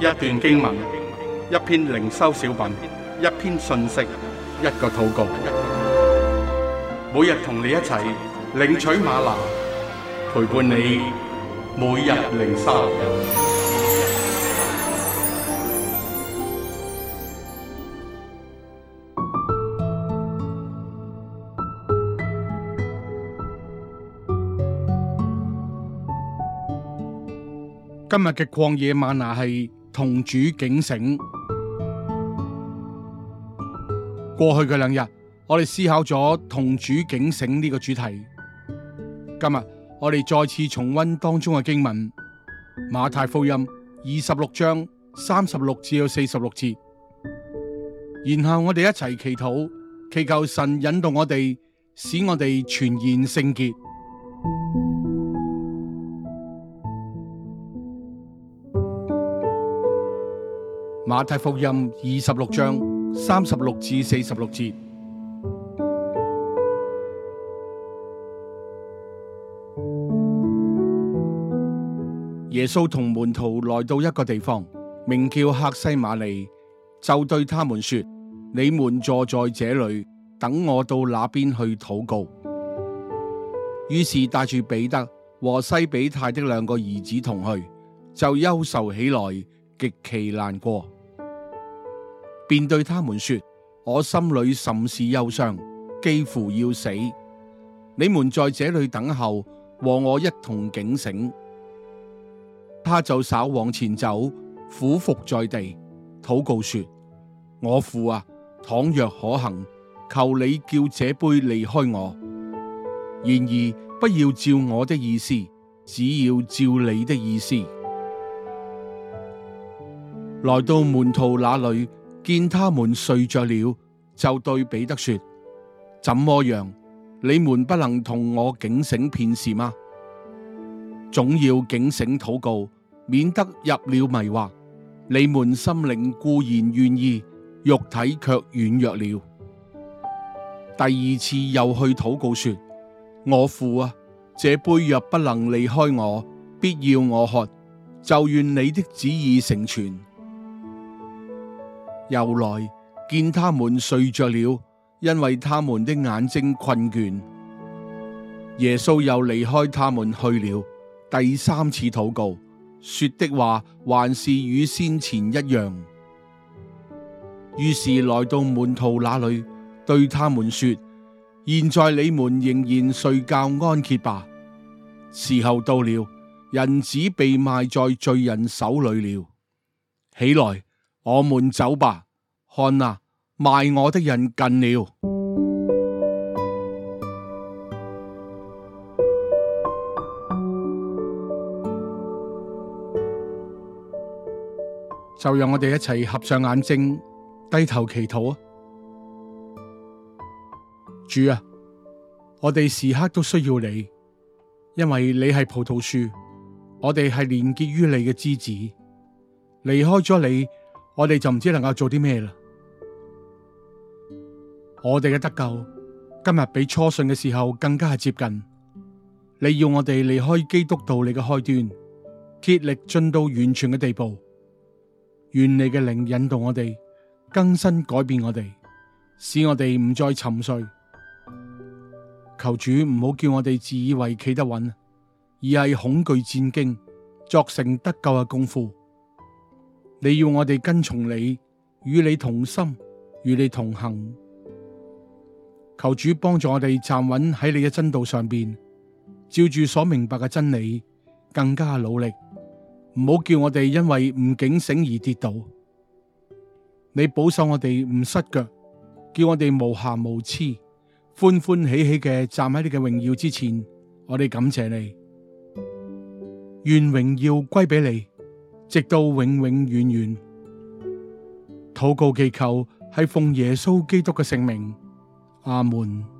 一段經文，一篇靈修小品，一篇信息，一個禱告。每日同你一齊領取嗎哪，陪伴你每日靈修。今日嘅曠野嗎哪係。同主儆醒。過去嘅兩日，我哋思考咗同主儆醒呢個主題。今日我哋再次重溫當中嘅經文，馬太福音二十六章三十六至到四十六節。然後我哋一齊祈禱，祈求神引導我哋，使我哋全然聖潔。馬太福音二十六章三十六至四十六節，耶穌同門徒來到一個地方，名叫客西馬尼，就對他們說：你們坐在這裏，等我到那邊去禱告。於是帶住彼得和西比泰的兩個兒子同去，就憂愁起來，極其難過。便對他們說：我心裏甚是憂傷，幾乎要死。你們在這裏等候，和我一同儆醒。他就稍往前走，俯伏在地，禱告說：我父啊，倘若可行，求你叫這杯離開我。然而不要照我的意思，只要照你的意思。來到門徒那裏。見他們睡着了，就對彼得說：怎麼樣，你們不能同我警醒片時嗎？總要警醒禱告，免得入了迷惑。你們心靈固然願意，肉體卻軟弱了。第二次又去禱告說：我父啊，這杯若不能離開我，必要我喝，就願你的旨意成全。又來見他們睡着了，因為他們的眼睛困倦。耶穌又離開他們去了，第三次禱告，說的話還是與先前一樣。於是來到門徒那裏，對他們說：現在你們仍然睡覺安歇吧。時候到了，人子被賣在罪人手裏了。起來。我們走吧，看啊，賣我的人近了， 就讓我哋一齊合上眼睛，低頭祈禱啊！主啊，我哋時刻都需要你，因為你係葡萄樹，我哋係連結於你嘅枝子，離開咗你。我哋就唔知能夠做啲咩啦。我哋嘅得救今日比初信嘅時候更加係接近。你要我哋離開基督道理嘅開端，竭力進到完全嘅地步。願你嘅靈引導我哋，更新改變我哋，使我哋唔再沉睡。求主唔好叫我哋自以為企得穩，而係恐懼戰兢，作成得救嘅功夫。你要我哋跟從你，與你同心，與你同行。求主幫助我哋站穩喺你嘅真道上邊，照住所明白嘅真理，更加努力，唔好叫我哋因為唔警醒，而跌倒。你保守我哋唔失腳，叫我哋無瑕無疵，歡歡喜喜嘅站喺你嘅榮耀之前。我哋感謝你，願榮耀歸俾你。直到永永遠遠，禱告祈求係奉耶穌基督嘅聖名，阿門。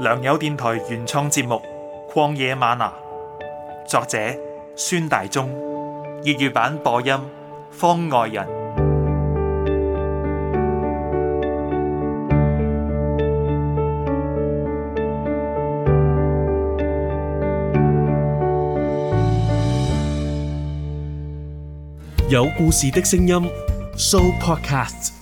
良友電台原創節目《曠野嗎哪》，作者孫大中，粵語版播音方外人，有故事的聲音，Show Podcast。